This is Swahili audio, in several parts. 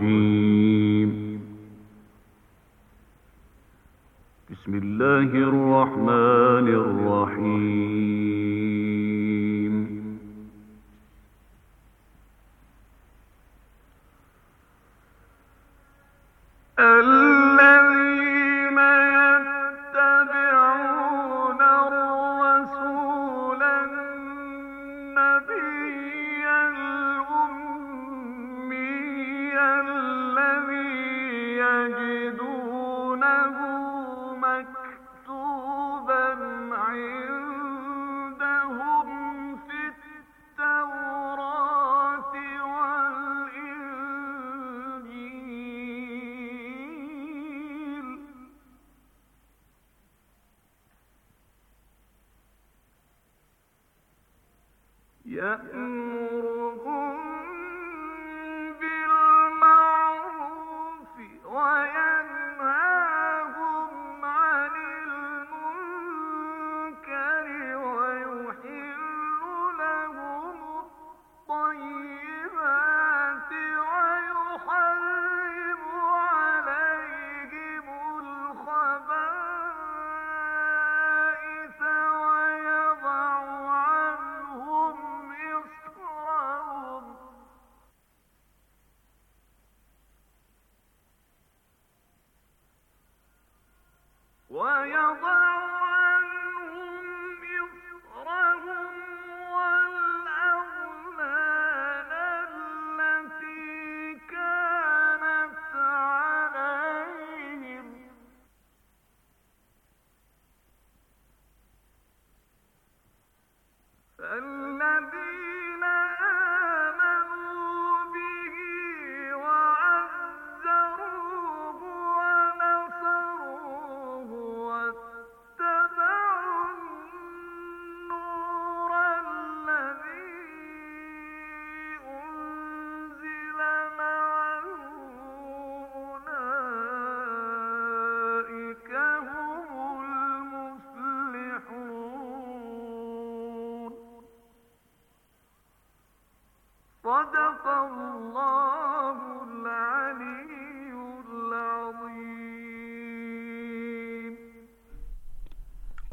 الرحيم بسم الله الرحمن الرحيم الله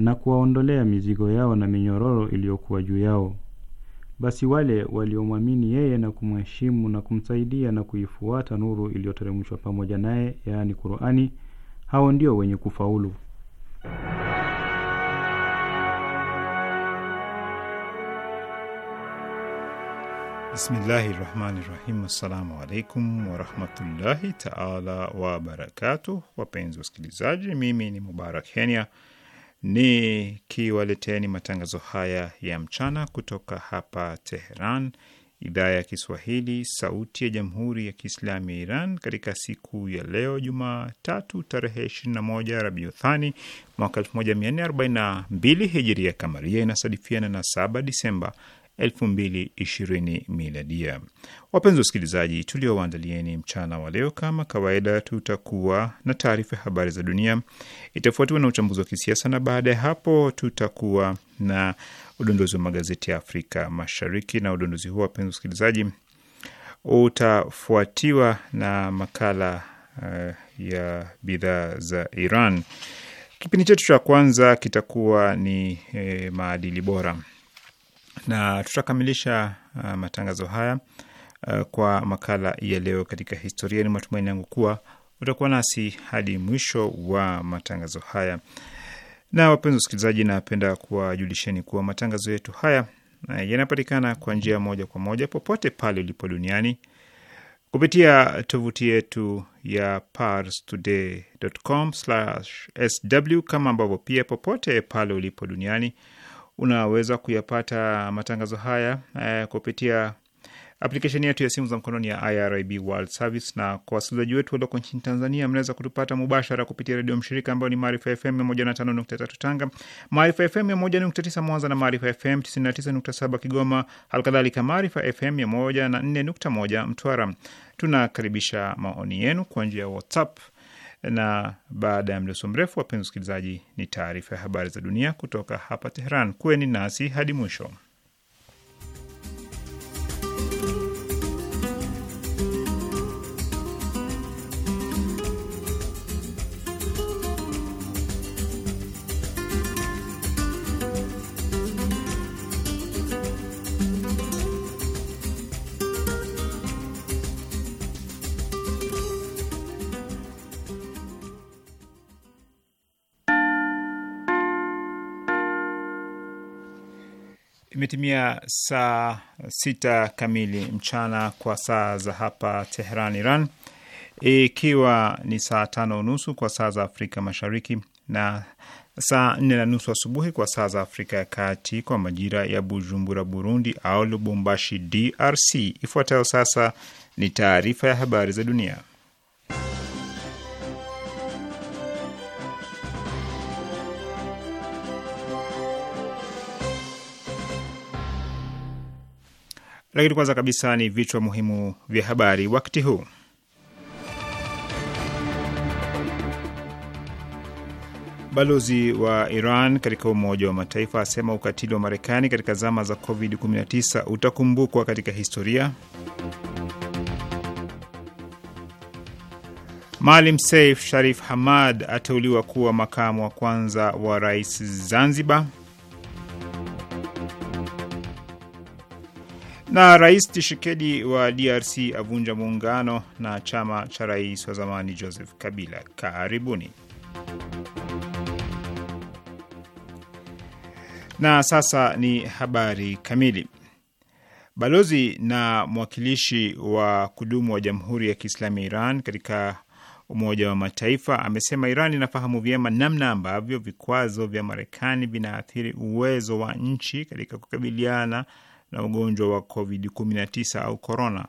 na kuwaondolea mizigo yao na minyororo iliyokuwa juu yao. Basi wale waliomwamini yeye na kumheshimu na kumsaidia na kuifuata nuru iliyoteremshwa pamoja naye, yaani Qur'ani, hao ndio wenye kufaulu. Bismillahi rahmani rahim. Assalamu alaikum warahmatullahi taala wabarakatuh. Wapenzi wasikilizaji, mimi ni Mubarak Kenya nikiwaleteni matangazo haya ya mchana kutoka hapa Teheran, idhaa ya Kiswahili, sauti ya jamhuri ya kiislamu ya Iran, katika siku ya leo Jumatatu tarehe 21 Rabiuthani mwaka 1442 hijiria kamaria, inasadifiana na 7 Disemba 2020 miladia. Wapenzi wasikilizaji, tuliowaandalieni mchana wa leo, kama kawaida, tutakuwa na taarifa ya habari za dunia, itafuatiwa na uchambuzi wa kisiasa, na baada ya hapo tutakuwa na udondozi wa magazeti ya Afrika Mashariki, na udondozi huo, wapenzi wasikilizaji, utafuatiwa na makala uh, ya bidhaa za Iran. Kipindi chetu cha kwanza kitakuwa ni eh, maadili bora na tutakamilisha uh, matangazo haya uh, kwa makala ya leo katika historia. Ni matumaini yangu kuwa utakuwa nasi hadi mwisho wa matangazo haya. Na wapenzi wasikilizaji, napenda kuwajulisheni kuwa matangazo yetu haya uh, yanapatikana kwa njia moja kwa moja popote pale ulipo duniani kupitia tovuti yetu ya parstoday.com/sw, kama ambavyo pia popote pale ulipo duniani unaweza kuyapata matangazo haya eh, kupitia aplikesheni yetu ya simu za mkononi ya IRIB World Service, na kwa wasikilizaji wetu walioko nchini Tanzania, mnaweza kutupata mubashara kupitia redio mshirika ambayo ni Maarifa FM 105.3 Tanga, Maarifa FM 101.9 Mwanza na Maarifa FM 99.7 Kigoma, halikadhalika Maarifa FM 104.1 Mtwara. Tunakaribisha maoni yenu kwa njia ya WhatsApp na baada ya mdoso mrefu, wapenzi wasikilizaji, ni taarifa ya habari za dunia kutoka hapa Teheran. Kuweni nasi hadi mwisho. Imetimia saa sita kamili mchana kwa saa za hapa Teheran, Iran, ikiwa ni saa tano nusu kwa saa za Afrika Mashariki na saa nne na nusu asubuhi kwa saa za Afrika ya Kati, kwa majira ya Bujumbura, Burundi, au Lubumbashi, DRC. Ifuatayo sasa ni taarifa ya habari za dunia. Lakini kwanza kabisa ni vichwa muhimu vya habari wakati huu. Balozi wa Iran katika Umoja wa Mataifa asema ukatili wa Marekani katika zama za COVID-19 utakumbukwa katika historia. Maalim Seif Sharif Hamad ateuliwa kuwa makamu wa kwanza wa rais Zanzibar. Na Rais Tshisekedi wa DRC avunja muungano na chama cha rais wa zamani Joseph Kabila. Karibuni. Na sasa ni habari kamili. Balozi na mwakilishi wa kudumu wa Jamhuri ya Kiislamu ya Iran katika Umoja wa Mataifa amesema Iran inafahamu vyema namna ambavyo vikwazo vya Marekani vinaathiri uwezo wa nchi katika kukabiliana na ugonjwa wa COVID-19 au corona.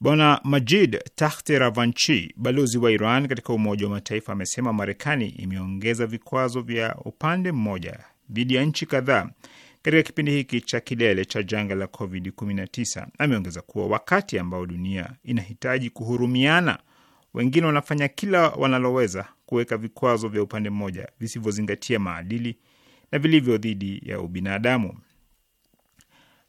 Bwana Majid Tahte Ravanchi, balozi wa Iran katika Umoja wa Mataifa, amesema Marekani imeongeza vikwazo vya upande mmoja dhidi ya nchi kadhaa katika kipindi hiki cha kilele cha janga la COVID-19. Ameongeza kuwa wakati ambao dunia inahitaji kuhurumiana, wengine wanafanya kila wanaloweza kuweka vikwazo vya upande mmoja visivyozingatia maadili na vilivyo dhidi ya ubinadamu.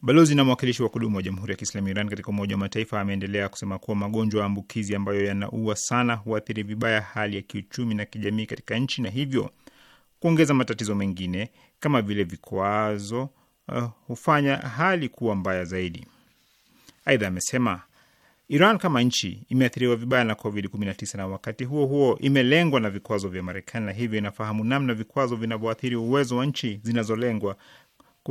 Balozi na mwakilishi wa kudumu wa Jamhuri ya Kiislamu Iran katika Umoja wa Mataifa ameendelea kusema kuwa magonjwa ya ambukizi ambayo yanaua sana huathiri vibaya hali ya kiuchumi na kijamii katika nchi na hivyo kuongeza matatizo mengine kama vile vikwazo uh, hufanya hali kuwa mbaya zaidi. Aidha amesema Iran kama nchi imeathiriwa vibaya na COVID-19 na wakati huo huo imelengwa na vikwazo vya Marekani na hivyo inafahamu namna vikwazo vinavyoathiri uwezo wa nchi zinazolengwa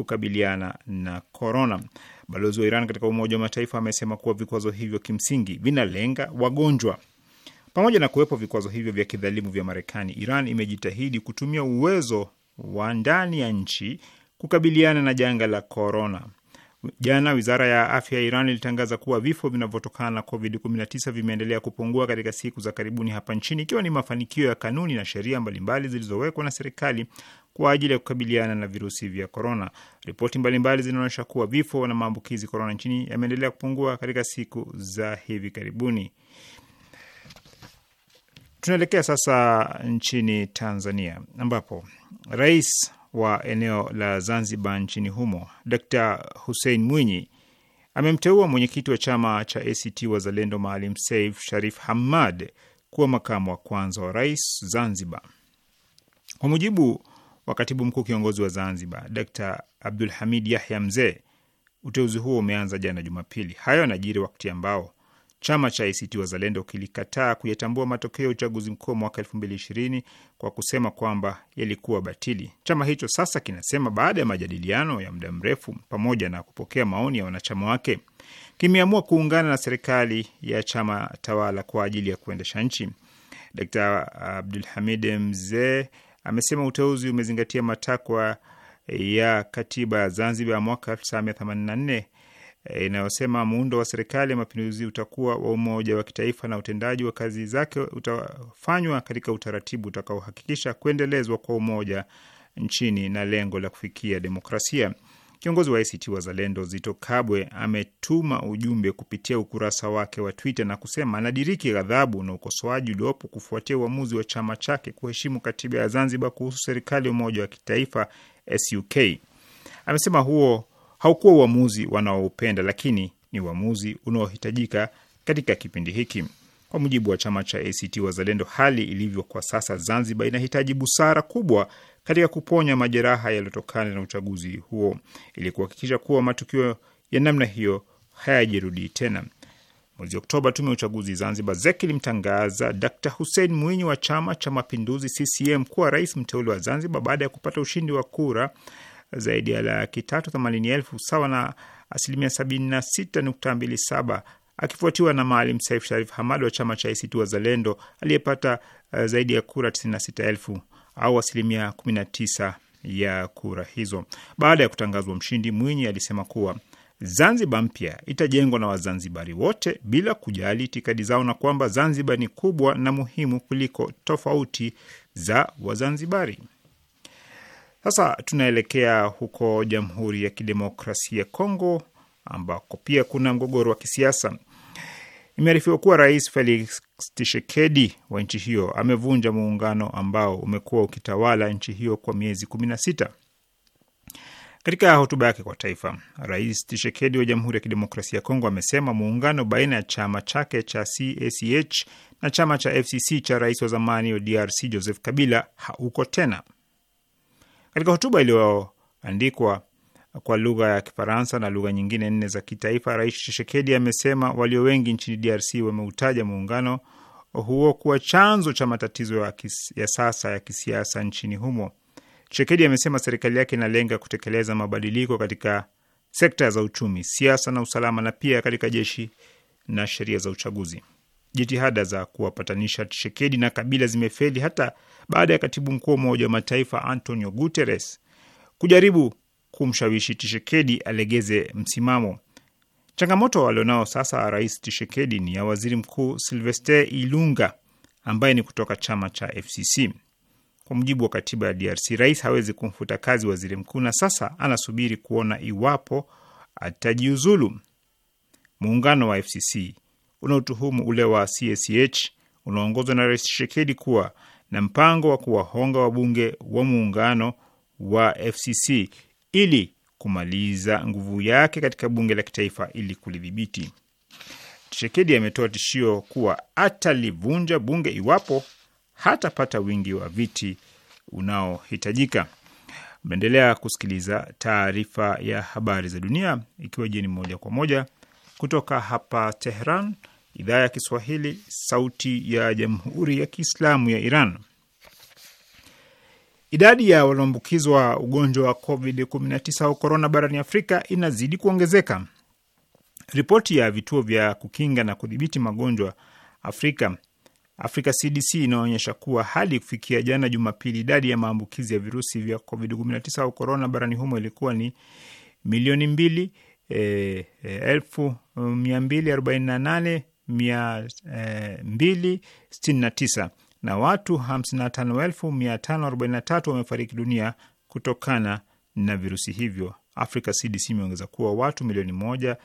kukabiliana na korona. Balozi wa Iran katika Umoja wa Mataifa amesema kuwa vikwazo hivyo kimsingi vinalenga wagonjwa. Pamoja na kuwepo vikwazo hivyo vya kidhalimu vya Marekani, Iran imejitahidi kutumia uwezo wa ndani ya nchi kukabiliana na janga la korona. Jana wizara ya afya ya Iran ilitangaza kuwa vifo vinavyotokana na COVID-19 vimeendelea kupungua katika siku za karibuni hapa nchini, ikiwa ni mafanikio ya kanuni na sheria mbalimbali zilizowekwa na serikali kwa ajili ya kukabiliana na virusi vya korona. Ripoti mbalimbali zinaonyesha kuwa vifo na maambukizi korona nchini yameendelea kupungua katika siku za hivi karibuni. Tunaelekea sasa nchini Tanzania ambapo rais wa eneo la Zanzibar nchini humo. Dkt Hussein Mwinyi amemteua mwenyekiti wa chama cha ACT Wazalendo Maalim Seif Sharif Hamad kuwa makamu wa kwanza wa rais Zanzibar. Kwa mujibu wa katibu mkuu kiongozi wa Zanzibar Dkt Abdul Hamid Yahya Mzee, uteuzi huo umeanza jana Jumapili. Hayo anajiri wakati ambao Chama cha ACT Wazalendo kilikataa kuyatambua matokeo ya uchaguzi mkuu wa mwaka elfu mbili ishirini kwa kusema kwamba yalikuwa batili. Chama hicho sasa kinasema baada ya majadiliano ya muda mrefu pamoja na kupokea maoni ya wanachama wake kimeamua kuungana na serikali ya chama tawala kwa ajili ya kuendesha nchi. Dkt Abdul Hamid Mzee amesema uteuzi umezingatia matakwa ya katiba ya Zanzibar ya mwaka 1984 inayosema muundo wa serikali ya mapinduzi utakuwa wa umoja wa kitaifa na utendaji wa kazi zake utafanywa katika utaratibu utakaohakikisha kuendelezwa kwa umoja nchini na lengo la kufikia demokrasia. Kiongozi wa ACT Wazalendo Zito Kabwe ametuma ujumbe kupitia ukurasa wake wa Twitter na kusema anadiriki ghadhabu na ukosoaji uliopo kufuatia uamuzi wa chama chake kuheshimu katiba ya Zanzibar kuhusu serikali ya umoja wa kitaifa SUK. Amesema huo haukuwa uamuzi wanaoupenda, lakini ni uamuzi unaohitajika katika kipindi hiki. Kwa mujibu wa chama cha ACT Wazalendo, hali ilivyo kwa sasa Zanzibar inahitaji busara kubwa katika kuponya majeraha yaliyotokana na uchaguzi huo ili kuhakikisha kuwa matukio ya namna hiyo hayajirudii tena. Mwezi Oktoba, tume ya uchaguzi Zanzibar ZEC ilimtangaza d Hussein Mwinyi wa Chama cha Mapinduzi CCM kuwa rais mteule wa Zanzibar baada ya kupata ushindi wa kura zaidi ya laki tatu themanini elfu sawa na asilimia sabini na sita nukta mbili saba akifuatiwa na Maalim Saif Sharif Hamad wa chama cha ACT Wazalendo aliyepata eh, zaidi ya kura tisini na sita elfu au asilimia kumi na tisa ya kura hizo. Baada ya kutangazwa mshindi, Mwinyi alisema kuwa Zanzibar mpya itajengwa na Wazanzibari wote bila kujali itikadi zao na kwamba Zanzibar ni kubwa na muhimu kuliko tofauti za Wazanzibari. Sasa tunaelekea huko Jamhuri ya Kidemokrasia ya Kongo ambako pia kuna mgogoro wa kisiasa. Imearifiwa kuwa Rais Felix Tshisekedi wa nchi hiyo amevunja muungano ambao umekuwa ukitawala nchi hiyo kwa miezi kumi na sita. Katika hotuba yake kwa taifa, Rais Tshisekedi wa Jamhuri ya Kidemokrasia ya Kongo amesema muungano baina ya chama chake cha CACH na chama cha FCC cha rais wa zamani wa DRC Joseph Kabila hauko tena. Katika hotuba iliyoandikwa kwa lugha ya Kifaransa na lugha nyingine nne za kitaifa, Rais Tshisekedi amesema walio wengi nchini DRC wameutaja muungano huo kuwa chanzo cha matatizo ya, kis, ya sasa ya kisiasa nchini humo. Tshisekedi amesema serikali yake inalenga kutekeleza mabadiliko katika sekta za uchumi, siasa na usalama na pia katika jeshi na sheria za uchaguzi jitihada za kuwapatanisha Tshisekedi na Kabila zimefeli hata baada ya katibu mkuu wa Umoja wa Mataifa Antonio Guterres kujaribu kumshawishi Tshisekedi alegeze msimamo. Changamoto walionao sasa Rais Tshisekedi ni ya waziri mkuu Silvestre Ilunga ambaye ni kutoka chama cha FCC. Kwa mujibu wa katiba ya DRC, rais hawezi kumfuta kazi waziri mkuu, na sasa anasubiri kuona iwapo atajiuzulu. Muungano wa FCC unaotuhumu ule wa CACH unaoongozwa na Rais Tshisekedi kuwa na mpango wa kuwahonga wabunge wa muungano wa FCC ili kumaliza nguvu yake katika bunge la kitaifa ili kulidhibiti. Tshisekedi ametoa tishio kuwa atalivunja bunge iwapo hatapata wingi wa viti unaohitajika. Mnaendelea kusikiliza taarifa ya habari za dunia, ikiwa jeni moja kwa moja kutoka hapa Tehran, idhaa ya Kiswahili, sauti ya jamhuri ya kiislamu ya Iran. Idadi ya walioambukizwa ugonjwa wa COVID-19 au korona barani Afrika inazidi kuongezeka. Ripoti ya vituo vya kukinga na kudhibiti magonjwa Afrika Afrika CDC inaonyesha kuwa hadi kufikia jana Jumapili, idadi ya maambukizi ya virusi vya COVID-19 au korona barani humo ilikuwa ni milioni mbili e, elfu um, mia mbili arobaini na nane mia eh, mbili sitini na tisa na watu hamsini na tano elfu mia tano arobaini na tatu wamefariki dunia kutokana na virusi hivyo. Africa CDC imeongeza kuwa watu milioni moja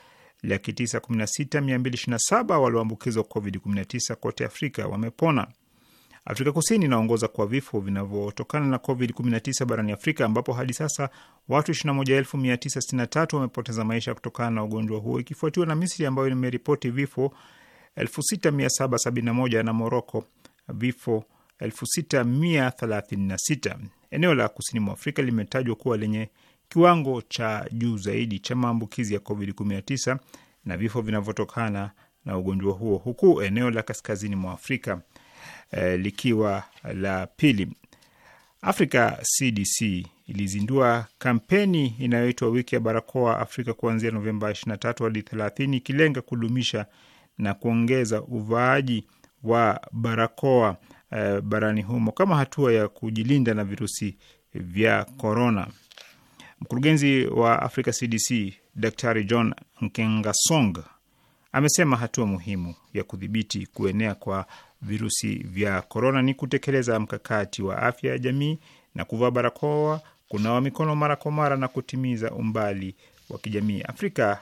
laki tisa kumi na sita mia mbili ishirini na saba walioambukizwa COVID-19 kote Afrika wamepona. Afrika Kusini inaongoza kwa vifo vinavyotokana na COVID-19 barani Afrika, ambapo hadi sasa watu 21963 wamepoteza maisha kutokana na ugonjwa huo, ikifuatiwa na Misri ambayo imeripoti vifo 6771 na Moroko vifo 6136. Eneo la kusini mwa Afrika limetajwa kuwa lenye kiwango cha juu zaidi cha maambukizi ya COVID-19 na vifo vinavyotokana na ugonjwa huo, huku eneo la kaskazini mwa Afrika Eh, likiwa la pili. Africa CDC ilizindua kampeni inayoitwa wiki ya barakoa Afrika kuanzia Novemba 23 hadi 30 ikilenga kudumisha na kuongeza uvaaji wa barakoa e, barani humo kama hatua ya kujilinda na virusi vya korona. Mkurugenzi wa Africa CDC Daktari John Nkengasong amesema hatua muhimu ya kudhibiti kuenea kwa virusi vya korona ni kutekeleza mkakati wa afya ya jamii na kuvaa barakoa, kunawa mikono mara kwa mara na kutimiza umbali wa kijamii. Afrika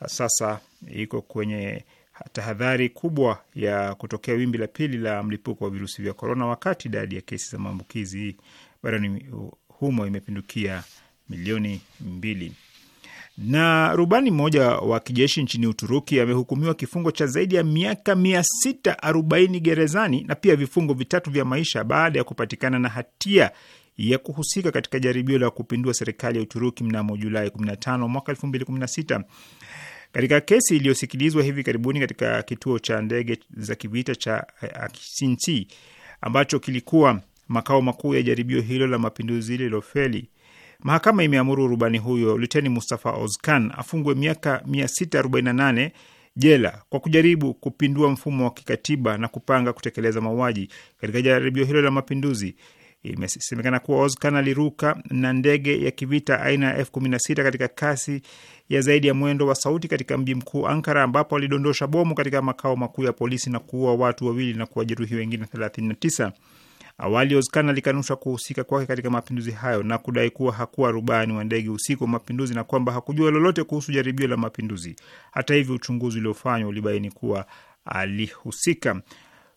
uh, sasa iko kwenye tahadhari kubwa ya kutokea wimbi la pili la mlipuko wa virusi vya korona, wakati idadi ya kesi za maambukizi barani uh, humo imepindukia milioni mbili na rubani mmoja wa kijeshi nchini Uturuki amehukumiwa kifungo cha zaidi ya miaka 640 gerezani na pia vifungo vitatu vya maisha baada ya kupatikana na hatia ya kuhusika katika jaribio la kupindua serikali ya Uturuki mnamo Julai 15 mwaka 2016. Katika kesi iliyosikilizwa hivi karibuni katika kituo cha ndege za kivita cha eh, Aksinci ambacho kilikuwa makao makuu ya jaribio hilo la mapinduzi lilofeli Mahakama imeamuru rubani huyo Luteni Mustafa Ozkan afungwe miaka 648 jela kwa kujaribu kupindua mfumo wa kikatiba na kupanga kutekeleza mauaji katika jaribio hilo la mapinduzi. Imesemekana kuwa Ozkan aliruka na ndege ya kivita aina ya F16 katika kasi ya zaidi ya mwendo wa sauti katika mji mkuu Ankara, ambapo alidondosha bomu katika makao makuu ya polisi na kuua watu wawili na kuwajeruhi wengine 39. Awali Ozkan alikanusha kuhusika kwake katika mapinduzi hayo na kudai kuwa hakuwa rubani wa ndege usiku wa mapinduzi na kwamba hakujua lolote kuhusu jaribio la mapinduzi. Hata hivyo, uchunguzi uliofanywa ulibaini kuwa alihusika.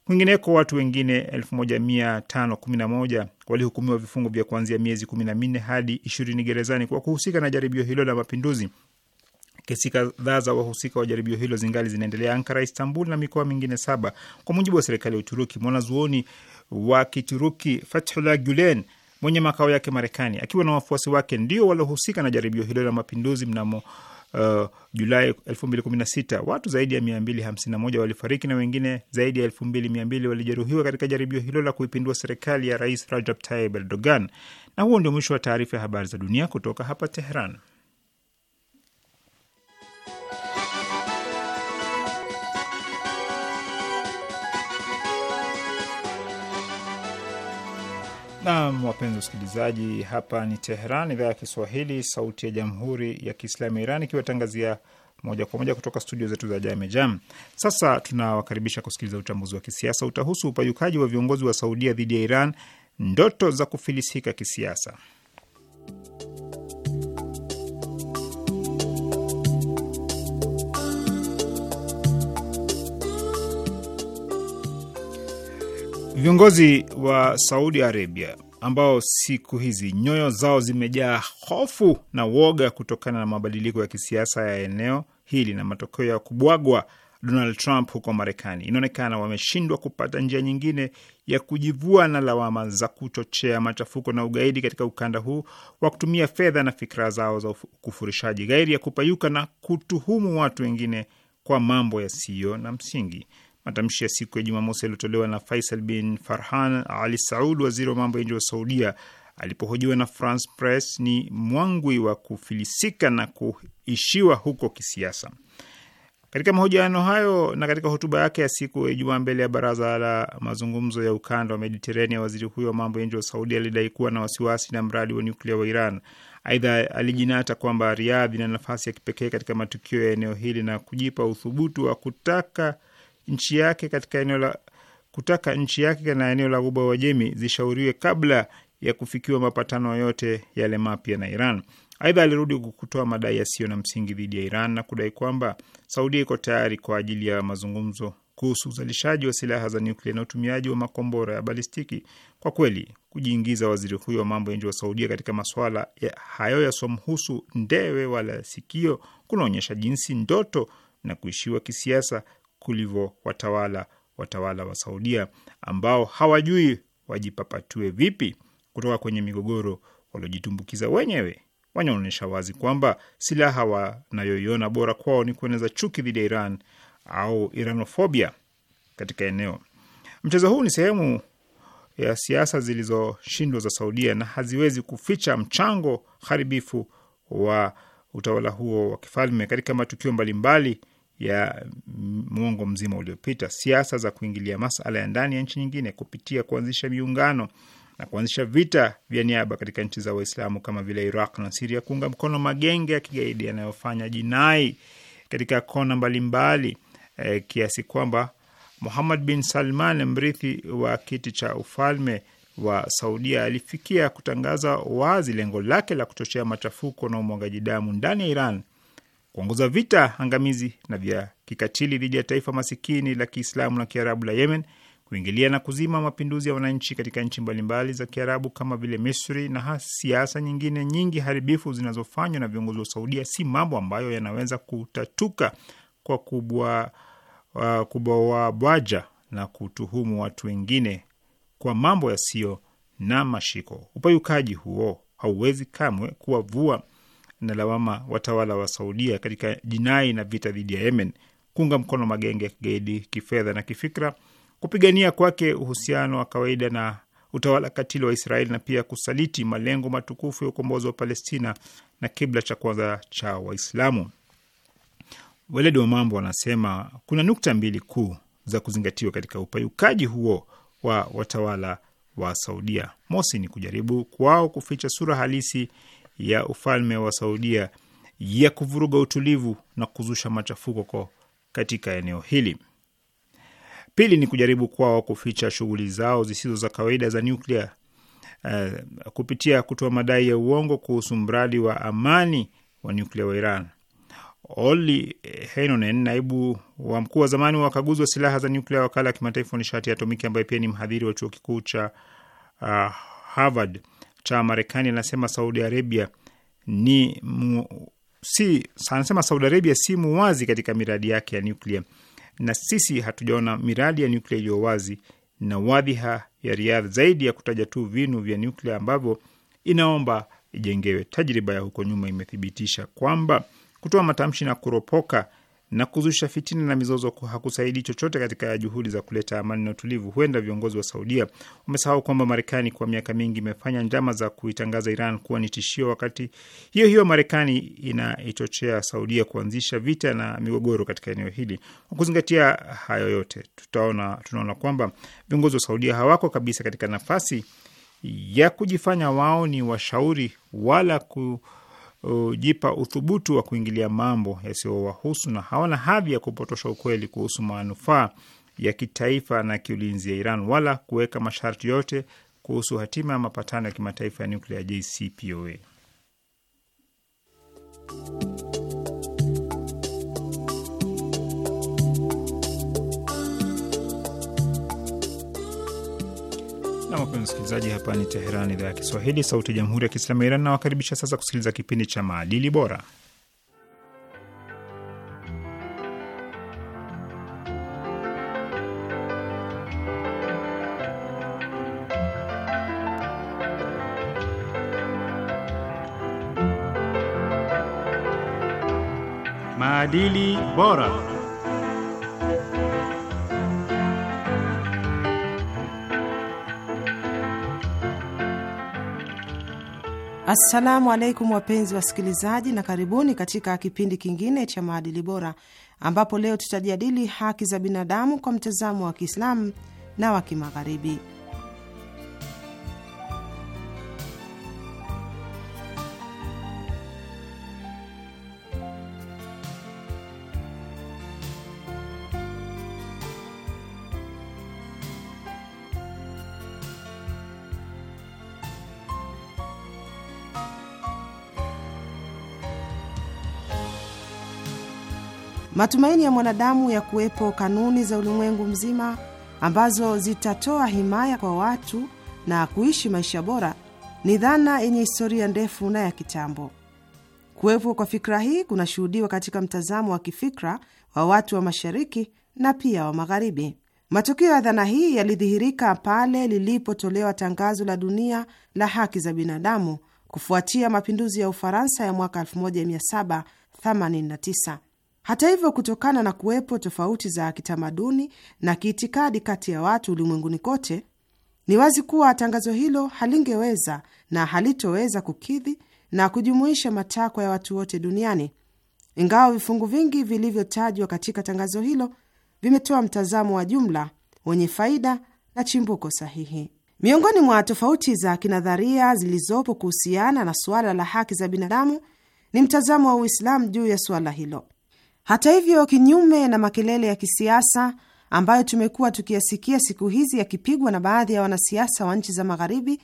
Kwingineko, watu wengine 1511 walihukumiwa vifungo vya kuanzia miezi 14 hadi ishirini gerezani kwa kuhusika na jaribio hilo la mapinduzi. Kesi kadhaa za wahusika wa jaribio hilo zingali zinaendelea Ankara, Istanbul na mikoa mingine saba, kwa mujibu wa serikali ya Uturuki. Mwanazuoni wa Kituruki Fethullah Gulen mwenye makao yake Marekani akiwa na wafuasi wake ndio waliohusika na jaribio hilo la mapinduzi mnamo uh, Julai 2016. Watu zaidi ya 251 walifariki na wengine zaidi ya 2200 walijeruhiwa katika jaribio hilo la kuipindua serikali ya Rais Rajab Tayyip Erdogan. Na huo ndio mwisho wa taarifa ya habari za dunia kutoka hapa teheran wapenzi wasikilizaji, hapa ni Teheran, idhaa ya Kiswahili, sauti ya jamhuri ya kiislamu ya Iran, ikiwatangazia moja kwa moja kutoka studio zetu za Jame Jam. Sasa tunawakaribisha kusikiliza uchambuzi wa kisiasa. Utahusu upayukaji wa viongozi wa Saudia dhidi ya Iran, ndoto za kufilisika kisiasa. Viongozi wa Saudi Arabia ambao siku hizi nyoyo zao zimejaa hofu na woga kutokana na mabadiliko ya kisiasa ya eneo hili na matokeo ya kubwagwa Donald Trump huko Marekani, inaonekana wameshindwa kupata njia nyingine ya kujivua na lawama za kuchochea machafuko na ugaidi katika ukanda huu wa kutumia fedha na fikra zao za ukufurishaji, ghairi ya kupayuka na kutuhumu watu wengine kwa mambo yasiyo na msingi. Matamshi ya siku ya Jumamosi yaliyotolewa na Faisal bin Farhan Ali Saud, waziri wa mambo ya nje wa Saudia, alipohojiwa na France Press ni mwangwi wa kufilisika na kuishiwa huko kisiasa. Katika mahojiano hayo na katika hotuba yake ya siku ya Ijumaa mbele ya baraza la mazungumzo ya ukanda wa Mediterania, waziri huyo wa mambo ya nje wa Saudi alidai kuwa na wasiwasi na mradi wa nyuklia wa Iran. Aidha, alijinata kwamba Riyadh ina nafasi ya kipekee katika matukio ya eneo hili na kujipa uthubutu wa kutaka nchi yake katika eneo la kutaka nchi yake na eneo la Ghuba Wajemi zishauriwe kabla ya kufikiwa mapatano yote yale mapya na Iran. Aidha, alirudi kutoa madai yasiyo na msingi dhidi ya Iran na kudai kwamba Saudia iko tayari kwa ajili ya mazungumzo kuhusu uzalishaji wa silaha za nyuklia na utumiaji wa makombora ya balistiki. Kwa kweli, kujiingiza waziri huyo wa mambo ya nje wa Saudia katika masuala ya hayo yasomhusu ndewe wala sikio kunaonyesha jinsi ndoto na kuishiwa kisiasa kulivyo watawala wa Saudia ambao hawajui wajipapatue vipi kutoka kwenye migogoro waliojitumbukiza wenyewe. Wanaonyesha wazi kwamba silaha wanayoiona bora kwao ni kueneza chuki dhidi ya Iran au Iranofobia katika eneo. Mchezo huu ni sehemu ya siasa zilizoshindwa za Saudia na haziwezi kuficha mchango haribifu wa utawala huo wa kifalme katika matukio mbalimbali mbali ya mwongo mzima uliopita, siasa za kuingilia masala ya ndani ya nchi nyingine kupitia kuanzisha miungano na kuanzisha vita vya niaba katika nchi za Waislamu kama vile Iraq na Siria, kuunga mkono magenge ya kigaidi yanayofanya jinai katika kona mbalimbali mbali, eh, e, kiasi kwamba Muhammad bin Salman mrithi wa kiti cha ufalme wa Saudia alifikia kutangaza wazi lengo lake la kuchochea machafuko na umwagaji damu ndani ya Iran kuongoza vita angamizi na vya kikatili dhidi ya taifa masikini la Kiislamu na Kiarabu la Yemen, kuingilia na kuzima mapinduzi ya wananchi katika nchi mbalimbali za Kiarabu kama vile Misri na siasa nyingine nyingi haribifu zinazofanywa na viongozi wa Saudia si mambo ambayo yanaweza kutatuka kwa kubwa uh, bwaja na kutuhumu watu wengine kwa mambo yasiyo na mashiko. Upayukaji huo hauwezi kamwe kuwavua lawama watawala wa Saudia katika jinai na vita dhidi ya Yemen, kuunga mkono magenge ya kigaidi kifedha na kifikra, kupigania kwake uhusiano wa kawaida na utawala katili wa Israeli na pia kusaliti malengo matukufu ya ukombozi wa Palestina na kibla cha kwanza cha Waislamu. Weledi wa mambo wanasema kuna nukta mbili kuu za kuzingatiwa katika upayukaji huo wa watawala wa Saudia. Mosi ni kujaribu kwao kuficha sura halisi ya ufalme wa Saudia ya kuvuruga utulivu na kuzusha machafuko katika eneo hili. Pili ni kujaribu kwao kuficha shughuli zao zisizo za kawaida za nyuklia uh, kupitia kutoa madai ya uongo kuhusu mradi wa amani wa nyuklia wa Iran. Olli Heinonen, naibu wa mkuu wa zamani wa wakaguzi wa silaha za nyuklia wakala ya kimataifa wa nishati ya atomiki ambaye pia ni mhadhiri wa chuo kikuu cha uh, Harvard cha Marekani anasema Saudi Arabia ni si, anasema Saudi Arabia si muwazi katika miradi yake ya nuklia, na sisi hatujaona miradi ya nuklia iliyo wazi na wadhiha ya riadha zaidi ya kutaja tu vinu vya nuklia ambavyo inaomba ijengewe. Tajriba ya huko nyuma imethibitisha kwamba kutoa matamshi na kuropoka na kuzusha fitina na mizozo hakusaidi chochote katika juhudi za kuleta amani na utulivu. Huenda viongozi wa Saudia wamesahau kwamba Marekani kwa miaka mingi imefanya njama za kuitangaza Iran kuwa ni tishio, wakati hiyo hiyo Marekani inaichochea Saudia kuanzisha vita na migogoro katika eneo hili. Kwa kuzingatia hayo yote, tutaona tunaona kwamba viongozi wa Saudia hawako kabisa katika nafasi ya kujifanya wao ni washauri wala ku hujipa uthubutu wa kuingilia mambo yasiyowahusu na hawana hadhi ya kupotosha ukweli kuhusu manufaa ya kitaifa na kiulinzi ya Iran wala kuweka masharti yote kuhusu hatima ya mapatano ya kimataifa ya nuklia JCPOA. na wapenzi msikilizaji, hapa ni Teheran, idhaa ya Kiswahili, sauti ya jamhuri ya kiislamu ya Iran. Nawakaribisha sasa kusikiliza kipindi cha maadili bora. Maadili bora. Assalamu alaikum wapenzi wasikilizaji, na karibuni katika kipindi kingine cha maadili bora, ambapo leo tutajadili haki za binadamu kwa mtazamo wa Kiislamu na wa Kimagharibi. Matumaini ya mwanadamu ya kuwepo kanuni za ulimwengu mzima ambazo zitatoa himaya kwa watu na kuishi maisha bora ni dhana yenye historia ndefu na ya kitambo. Kuwepo kwa fikra hii kunashuhudiwa katika mtazamo wa kifikra wa watu wa mashariki na pia wa magharibi. Matokeo ya dhana hii yalidhihirika pale lilipotolewa tangazo la dunia la haki za binadamu kufuatia mapinduzi ya Ufaransa ya mwaka 1789. Hata hivyo, kutokana na kuwepo tofauti za kitamaduni na kiitikadi kati ya watu ulimwenguni kote, ni wazi kuwa tangazo hilo halingeweza na halitoweza kukidhi na kujumuisha matakwa ya watu wote duniani, ingawa vifungu vingi vilivyotajwa katika tangazo hilo vimetoa mtazamo wa jumla wenye faida na chimbuko sahihi. Miongoni mwa tofauti za kinadharia zilizopo kuhusiana na suala la haki za binadamu ni mtazamo wa Uislamu juu ya suala hilo. Hata hivyo, kinyume na makelele ya kisiasa ambayo tumekuwa tukiyasikia siku hizi yakipigwa na baadhi ya wanasiasa wa nchi za Magharibi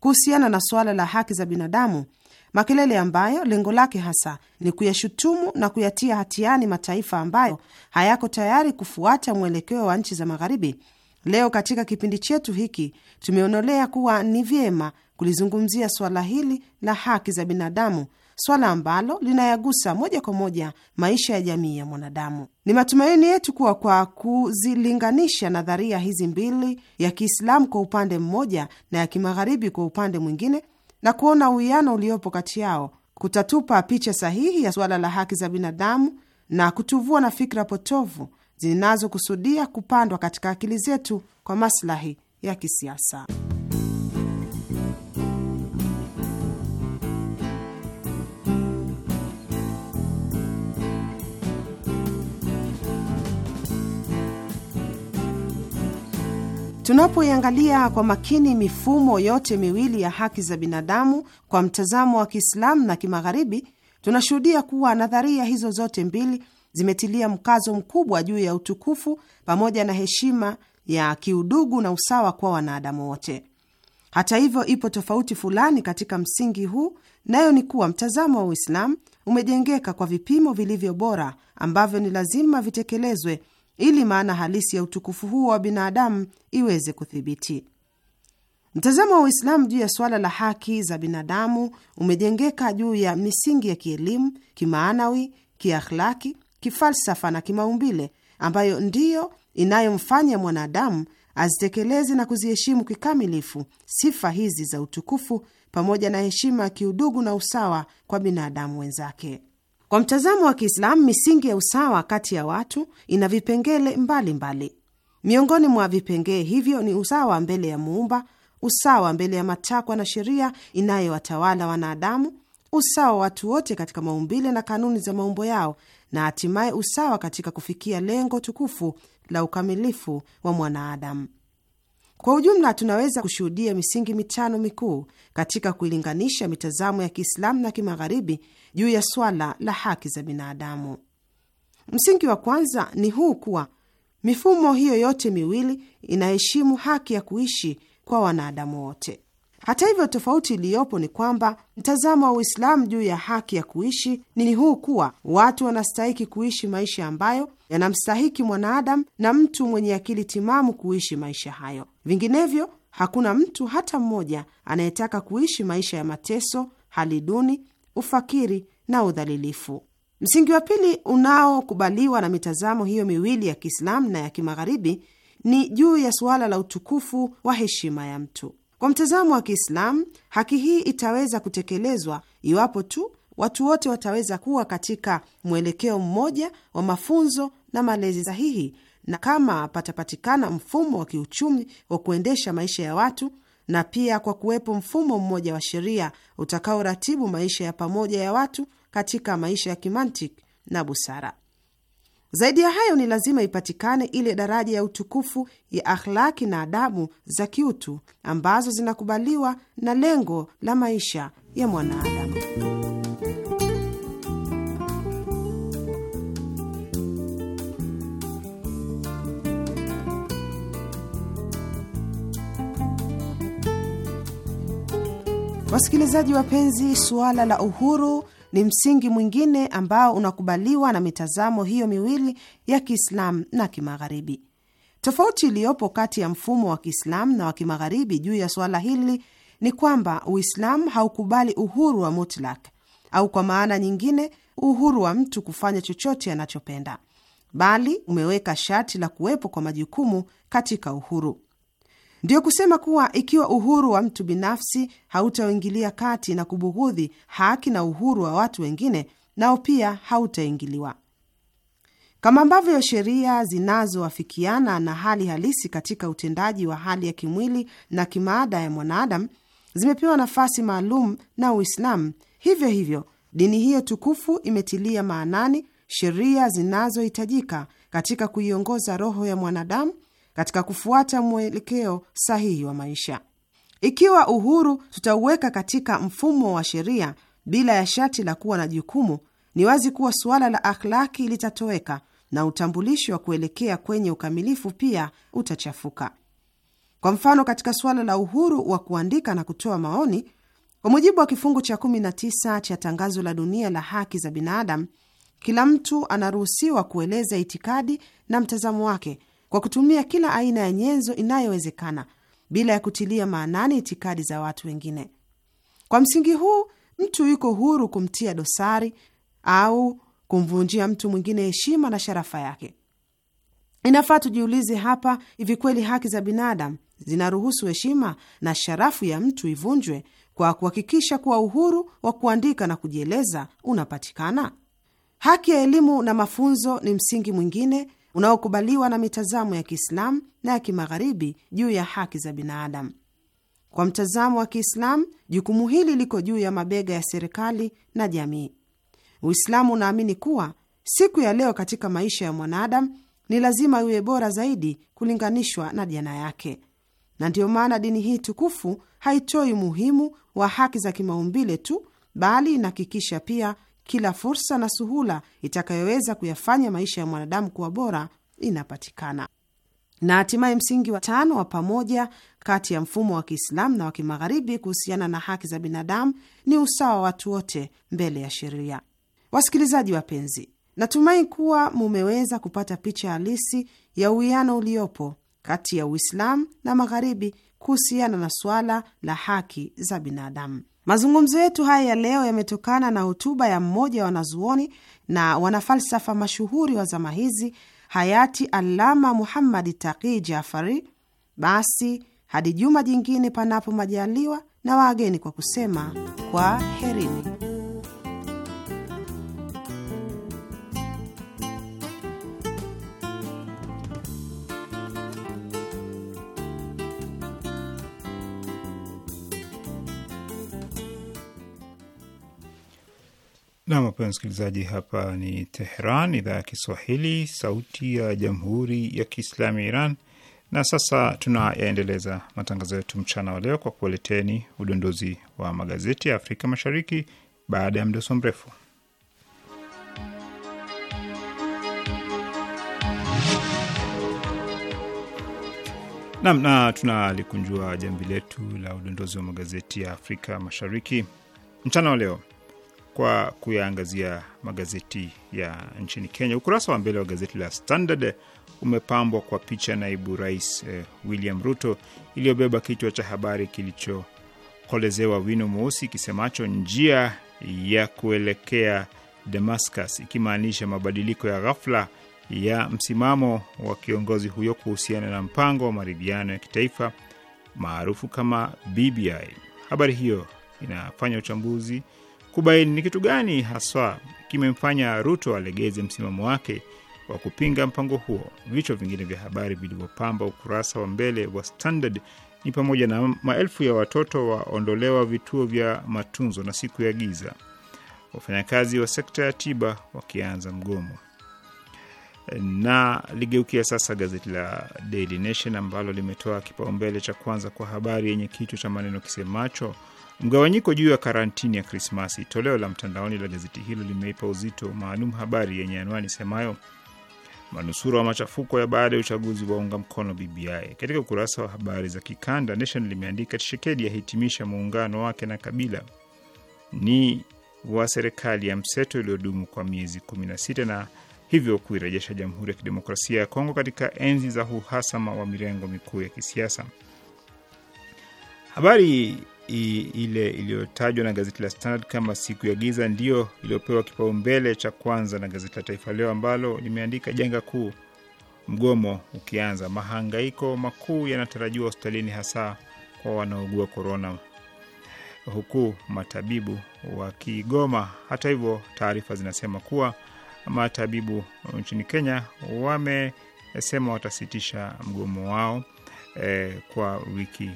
kuhusiana na suala la haki za binadamu, makelele ambayo lengo lake hasa ni kuyashutumu na kuyatia hatiani mataifa ambayo hayako tayari kufuata mwelekeo wa nchi za Magharibi. Leo katika kipindi chetu hiki tumeonolea kuwa ni vyema kulizungumzia suala hili la haki za binadamu swala ambalo linayagusa moja kwa moja maisha ya jamii ya mwanadamu. Ni matumaini yetu kuwa kwa kuzilinganisha nadharia hizi mbili, ya Kiislamu kwa upande mmoja na ya Kimagharibi kwa upande mwingine, na kuona uwiano uliopo kati yao kutatupa picha sahihi ya suala la haki za binadamu na kutuvua na fikra potovu zinazokusudia kupandwa katika akili zetu kwa maslahi ya kisiasa. Tunapoiangalia kwa makini mifumo yote miwili ya haki za binadamu kwa mtazamo wa Kiislamu na Kimagharibi, tunashuhudia kuwa nadharia hizo zote mbili zimetilia mkazo mkubwa juu ya utukufu pamoja na heshima ya kiudugu na usawa kwa wanadamu wote. Hata hivyo, ipo tofauti fulani katika msingi huu, nayo ni kuwa mtazamo wa Uislamu umejengeka kwa vipimo vilivyo bora ambavyo ni lazima vitekelezwe ili maana halisi ya utukufu huo wa binadamu iweze kuthibiti. Mtazamo wa Uislamu juu ya suala la haki za binadamu umejengeka juu ya misingi ya kielimu, kimaanawi, kiakhlaki, kifalsafa na kimaumbile ambayo ndiyo inayomfanya mwanadamu azitekeleze na kuziheshimu kikamilifu sifa hizi za utukufu pamoja na heshima ya kiudugu na usawa kwa binadamu wenzake. Kwa mtazamo wa Kiislamu, misingi ya usawa kati ya watu ina vipengele mbalimbali. Miongoni mwa vipengee hivyo ni usawa mbele ya Muumba, usawa mbele ya matakwa na sheria inayowatawala wanadamu, usawa wa watu wote katika maumbile na kanuni za maumbo yao, na hatimaye usawa katika kufikia lengo tukufu la ukamilifu wa mwanadamu. Kwa ujumla, tunaweza kushuhudia misingi mitano mikuu katika kuilinganisha mitazamo ya Kiislamu na Kimagharibi juu ya swala la haki za binadamu. Msingi wa kwanza ni huu kuwa mifumo hiyo yote miwili inaheshimu haki ya kuishi kwa wanadamu wote. Hata hivyo, tofauti iliyopo ni kwamba mtazamo wa Uislamu juu ya haki ya kuishi ni huu kuwa watu wanastahiki kuishi maisha ambayo yanamstahiki mwanadamu na mtu mwenye akili timamu kuishi maisha hayo. Vinginevyo hakuna mtu hata mmoja anayetaka kuishi maisha ya mateso, hali duni, ufakiri na udhalilifu. Msingi wa pili unaokubaliwa na mitazamo hiyo miwili ya Kiislamu na ya Kimagharibi ni juu ya suala la utukufu wa heshima ya mtu. Kwa mtazamo wa Kiislamu, haki hii itaweza kutekelezwa iwapo tu watu wote wataweza kuwa katika mwelekeo mmoja wa mafunzo na malezi sahihi na kama patapatikana mfumo wa kiuchumi wa kuendesha maisha ya watu na pia kwa kuwepo mfumo mmoja wa sheria utakaoratibu maisha ya pamoja ya watu katika maisha ya kimantik na busara. Zaidi ya hayo, ni lazima ipatikane ile daraja ya utukufu ya akhlaki na adabu za kiutu ambazo zinakubaliwa na lengo la maisha ya mwanadamu. Wasikilizaji wapenzi, suala la uhuru ni msingi mwingine ambao unakubaliwa na mitazamo hiyo miwili ya Kiislamu na Kimagharibi. Tofauti iliyopo kati ya mfumo wa Kiislamu na wa Kimagharibi juu ya suala hili ni kwamba Uislamu haukubali uhuru wa mutlak, au kwa maana nyingine, uhuru wa mtu kufanya chochote anachopenda, bali umeweka sharti la kuwepo kwa majukumu katika uhuru. Ndiyo kusema kuwa ikiwa uhuru wa mtu binafsi hautaingilia kati na kubughudhi haki na uhuru wa watu wengine, nao pia hautaingiliwa. Kama ambavyo sheria zinazoafikiana na hali halisi katika utendaji wa hali ya kimwili na kimaada ya mwanadamu zimepewa nafasi maalum na Uislamu, hivyo hivyo dini hiyo tukufu imetilia maanani sheria zinazohitajika katika kuiongoza roho ya mwanadamu katika kufuata mwelekeo sahihi wa maisha. Ikiwa uhuru tutauweka katika mfumo wa sheria bila ya shati la kuwa na jukumu, ni wazi kuwa suala la akhlaki litatoweka na utambulisho wa kuelekea kwenye ukamilifu pia utachafuka. Kwa mfano, katika suala la uhuru wa kuandika na kutoa maoni, kwa mujibu wa kifungu cha 19 cha Tangazo la Dunia la Haki za Binadamu, kila mtu anaruhusiwa kueleza itikadi na mtazamo wake kwa kutumia kila aina ya nyenzo inayowezekana bila ya kutilia maanani itikadi za watu wengine. Kwa msingi huu, mtu yuko huru kumtia dosari au kumvunjia mtu mwingine heshima na sharafa yake. Inafaa tujiulize hapa, hivi kweli haki za binadamu zinaruhusu heshima na sharafu ya mtu ivunjwe kwa kuhakikisha kuwa uhuru wa kuandika na kujieleza unapatikana? Haki ya elimu na mafunzo ni msingi mwingine unaokubaliwa na mitazamo ya Kiislamu na ya Kimagharibi juu ya haki za binadamu. Kwa mtazamo wa Kiislamu, jukumu hili liko juu ya mabega ya serikali na jamii. Uislamu unaamini kuwa siku ya leo katika maisha ya mwanadamu ni lazima iwe bora zaidi kulinganishwa na jana yake, na ndiyo maana dini hii tukufu haitoi umuhimu wa haki za kimaumbile tu, bali inahakikisha pia kila fursa na suhula itakayoweza kuyafanya maisha ya mwanadamu kuwa bora inapatikana. Na hatimaye msingi wa tano wa pamoja kati ya mfumo wa Kiislamu na wa Kimagharibi kuhusiana na haki za binadamu ni usawa wa watu wote mbele ya sheria. Wasikilizaji wapenzi, natumai kuwa mumeweza kupata picha halisi ya uwiano uliopo kati ya Uislamu na Magharibi kuhusiana na suala la haki za binadamu. Mazungumzo yetu haya ya leo yametokana na hotuba ya mmoja wa wanazuoni na wanafalsafa mashuhuri wa zama hizi, hayati alama Muhammad Taqi Jafari. Basi hadi juma jingine, panapo majaliwa, na waageni kwa kusema kwa herini Nam, wapenzi msikilizaji, hapa ni Teheran, idhaa ya Kiswahili, sauti ya jamhuri ya kiislamu ya Iran. Na sasa tunayaendeleza matangazo yetu mchana wa leo kwa kuwaleteni udondozi wa magazeti ya Afrika Mashariki baada ya mdoso mrefu. Nam, na tunalikunjua jambi letu la udondozi wa magazeti ya Afrika Mashariki mchana wa leo kwa kuyaangazia magazeti ya nchini Kenya. Ukurasa wa mbele wa gazeti la Standard umepambwa kwa picha naibu rais eh, William Ruto iliyobeba kichwa cha habari kilichokolezewa wino mweusi kisemacho njia ya kuelekea Damascus, ikimaanisha mabadiliko ya ghafla ya msimamo wa kiongozi huyo kuhusiana na mpango wa maridhiano ya kitaifa maarufu kama BBI. Habari hiyo inafanya uchambuzi kubaini ni kitu gani haswa kimemfanya Ruto alegeze msimamo wake wa kupinga mpango huo. Vichwa vingine vya habari vilivyopamba ukurasa wa mbele wa Standard ni pamoja na maelfu ya watoto waondolewa vituo vya matunzo na siku ya giza, wafanyakazi wa sekta ya tiba wakianza mgomo. Na ligeukia sasa gazeti la Daily Nation ambalo limetoa kipaumbele cha kwanza kwa habari yenye kichwa cha maneno kisemacho Mgawanyiko juu ya karantini ya Krismasi. Toleo la mtandaoni la gazeti hilo limeipa uzito maalum habari yenye anwani semayo manusura wa machafuko ya baada ya uchaguzi waunga mkono BBI. Katika ukurasa wa habari za kikanda, Nation limeandika Tshisekedi yahitimisha muungano wake na Kabila ni wa serikali ya mseto iliyodumu kwa miezi 16 na hivyo kuirejesha Jamhuri ya Kidemokrasia ya Kongo katika enzi za uhasama wa mirengo mikuu ya kisiasa. Habari ile iliyotajwa na gazeti la Standard kama siku ya giza ndiyo iliyopewa kipaumbele cha kwanza na gazeti la Taifa Leo ambalo limeandika janga kuu, mgomo ukianza, mahangaiko makuu yanatarajiwa hospitalini, hasa kwa wanaougua korona, huku matabibu wakigoma. Hata hivyo, taarifa zinasema kuwa matabibu nchini Kenya wamesema watasitisha mgomo wao eh, kwa wiki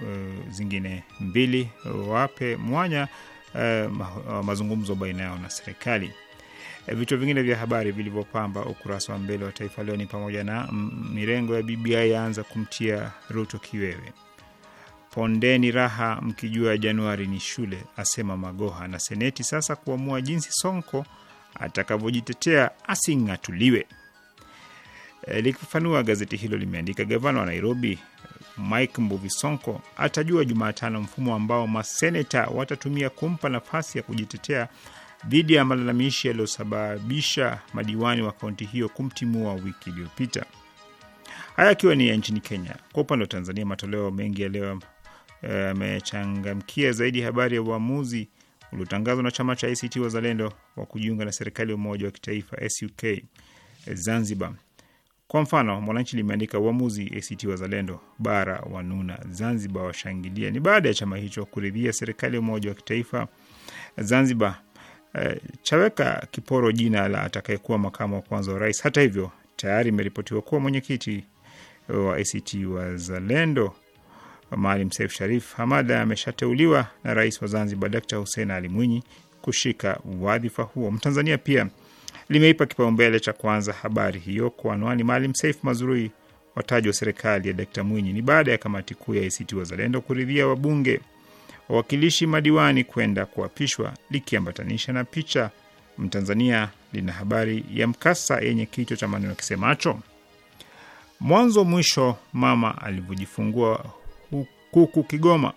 Eh, zingine mbili wape mwanya uh, mazungumzo baina yao na serikali. Vichwa vingine vya habari vilivyopamba ukurasa wa mbele wa Taifa Leo ni pamoja na mm, mirengo ya BBI yaanza kumtia Ruto kiwewe, pondeni raha mkijua Januari ni shule, asema Magoha, na seneti sasa kuamua jinsi Sonko atakavyojitetea asing'atuliwe. Likifafanua, gazeti hilo limeandika gavana wa Nairobi Mike Mbuvi Sonko atajua Jumatano mfumo ambao maseneta watatumia kumpa nafasi ya kujitetea dhidi ya malalamishi yaliyosababisha madiwani wa kaunti hiyo kumtimua wiki iliyopita. Haya akiwa ni ya nchini Kenya. Kwa upande wa Tanzania, matoleo mengi ya leo eh, yamechangamkia zaidi habari ya uamuzi uliotangazwa na chama cha ACT Wazalendo wa kujiunga na serikali ya umoja wa kitaifa SUK Zanzibar. Kwa mfano, Mwananchi limeandika uamuzi ACT Wazalendo bara wanuna, Zanzibar washangilia. Ni baada ya chama hicho kuridhia serikali ya umoja wa kitaifa Zanzibar e, chaweka kiporo jina la atakayekuwa makamu wa kwanza wa rais. Hata hivyo, tayari imeripotiwa kuwa mwenyekiti wa ACT Wazalendo Maalim Seif Sharif Hamada ameshateuliwa na rais wa Zanzibar Dkt. Hussein Ali Mwinyi kushika wadhifa huo. Mtanzania pia limeipa kipaumbele cha kwanza habari hiyo kwa anwani saif Seif Mazrui wa serikali ya Dkt Mwinyi. Ni baada ya kamati kuu ya ACT Wazalendo kuridhia wabunge wawakilishi madiwani kwenda kuapishwa, likiambatanisha na picha Mtanzania lina habari ya mkasa yenye kichwa cha maneno kisemacho mwanzo mwisho mama alivyojifungua huku Kigoma.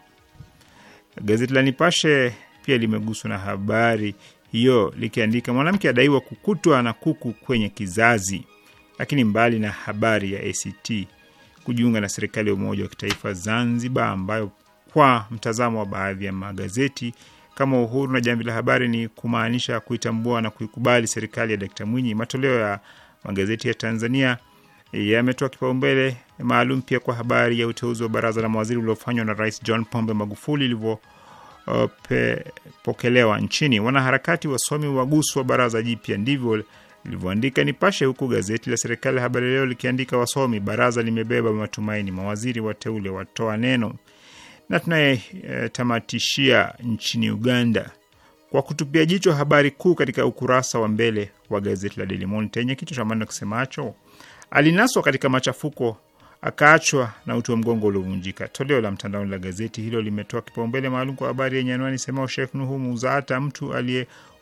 Gazeti la Nipashe pia limeguswa na habari hiyo likiandika, mwanamke adaiwa kukutwa na kuku kwenye kizazi. Lakini mbali na habari ya ACT kujiunga na serikali ya umoja wa kitaifa Zanzibar, ambayo kwa mtazamo wa baadhi ya magazeti kama Uhuru na Jamvi la Habari ni kumaanisha kuitambua na kuikubali serikali ya Dkt Mwinyi, matoleo ya magazeti ya Tanzania yametoa kipaumbele maalum pia kwa habari ya uteuzi wa baraza la mawaziri uliofanywa na Rais John Pombe Magufuli ilivyo Uh, pokelewa nchini. Wanaharakati wasomi waguswa baraza jipya, ndivyo lilivyoandika Nipashe, huku gazeti la serikali Habari Leo likiandika wasomi baraza limebeba matumaini, mawaziri wateule watoa neno. Na tunayetamatishia e, nchini Uganda kwa kutupia jicho habari kuu katika ukurasa wa mbele wa gazeti la Daily Monitor yenye kichwa cha maneno kisemacho alinaswa katika machafuko akaachwa na uti wa mgongo uliovunjika. Toleo la mtandaoni la gazeti hilo limetoa kipaumbele maalum kwa habari yenye anwani semao Sheikh Nuhu Muzaata, mtu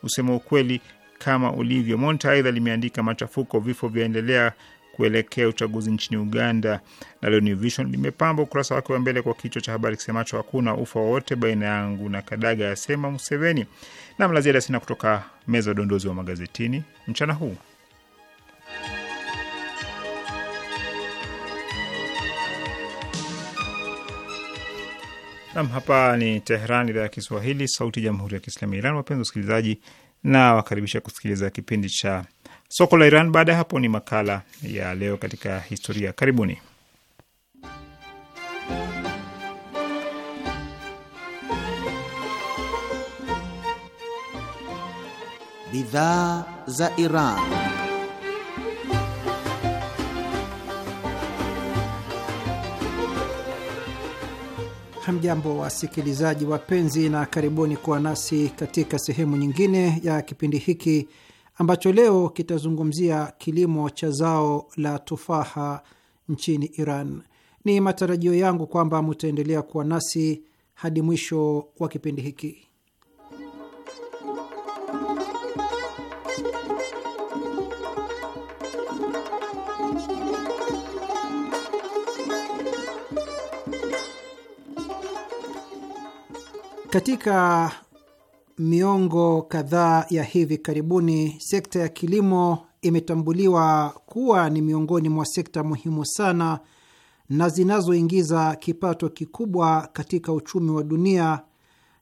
usema ukweli kama ulivyo. Monta aidha limeandika machafuko, vifo vyaendelea kuelekea uchaguzi nchini Uganda. Nalo New Vision limepamba ukurasa wake wa mbele kwa kichwa cha habari kisemacho hakuna ufa wowote baina yangu na Kadaga, yasema Museveni. Na mlaziada sina kutoka meza udondozi wa magazetini mchana huu. Nam, hapa ni Teheran, idhaa ya Kiswahili, sauti ya jamhuri ya kiislami ya Iran. Wapenzi wasikilizaji, na wakaribisha kusikiliza kipindi cha soko la Iran. Baada ya hapo ni makala ya leo katika historia. Karibuni. Bidhaa za Iran. Hamjambo wasikilizaji wapenzi, na karibuni kuwa nasi katika sehemu nyingine ya kipindi hiki ambacho leo kitazungumzia kilimo cha zao la tufaha nchini Iran. Ni matarajio yangu kwamba mutaendelea kuwa nasi hadi mwisho wa kipindi hiki. Katika miongo kadhaa ya hivi karibuni, sekta ya kilimo imetambuliwa kuwa ni miongoni mwa sekta muhimu sana na zinazoingiza kipato kikubwa katika uchumi wa dunia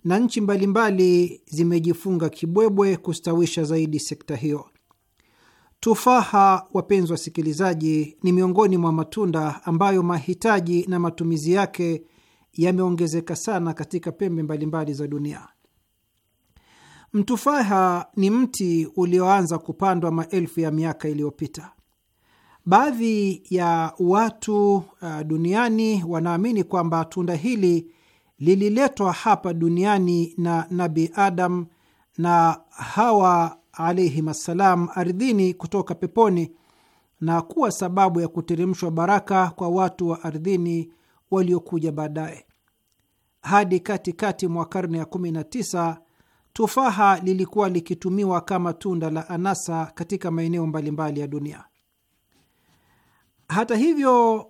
na nchi mbalimbali zimejifunga kibwebwe kustawisha zaidi sekta hiyo. Tufaha, wapenzi wasikilizaji, ni miongoni mwa matunda ambayo mahitaji na matumizi yake yameongezeka sana katika pembe mbalimbali za dunia. Mtufaha ni mti ulioanza kupandwa maelfu ya miaka iliyopita. Baadhi ya watu uh, duniani wanaamini kwamba tunda hili lililetwa hapa duniani na Nabi Adam na Hawa alaihim assalam ardhini kutoka peponi na kuwa sababu ya kuteremshwa baraka kwa watu wa ardhini waliokuja baadaye. Hadi katikati mwa karne ya 19 tufaha lilikuwa likitumiwa kama tunda la anasa katika maeneo mbalimbali ya dunia. Hata hivyo,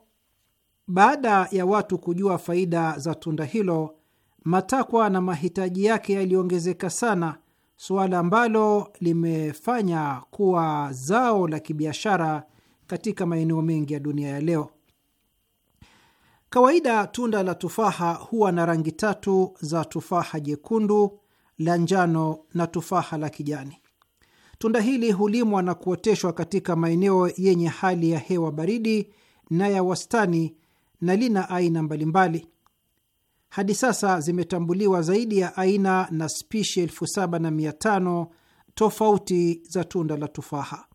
baada ya watu kujua faida za tunda hilo, matakwa na mahitaji yake yaliongezeka sana, suala ambalo limefanya kuwa zao la kibiashara katika maeneo mengi ya dunia ya leo. Kawaida tunda la tufaha huwa na rangi tatu za tufaha jekundu, la njano na tufaha la kijani. Tunda hili hulimwa na kuoteshwa katika maeneo yenye hali ya hewa baridi na ya wastani na lina aina mbalimbali. Hadi sasa zimetambuliwa zaidi ya aina na spishi elfu saba na mia tano tofauti za tunda la tufaha.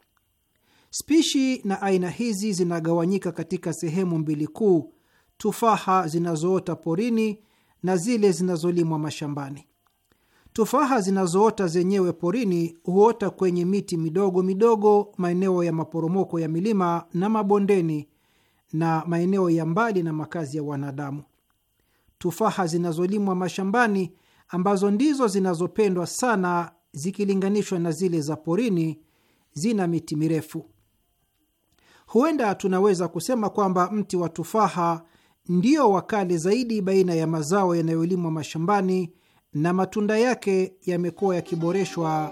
Spishi na aina hizi zinagawanyika katika sehemu mbili kuu tufaha zinazoota porini na zile zinazolimwa mashambani. Tufaha zinazoota zenyewe porini huota kwenye miti midogo midogo maeneo ya maporomoko ya milima na mabondeni na maeneo ya mbali na makazi ya wanadamu. Tufaha zinazolimwa mashambani, ambazo ndizo zinazopendwa sana zikilinganishwa na zile za porini, zina miti mirefu. Huenda tunaweza kusema kwamba mti wa tufaha ndio wakali zaidi baina ya mazao yanayolimwa mashambani na matunda yake yamekuwa yakiboreshwa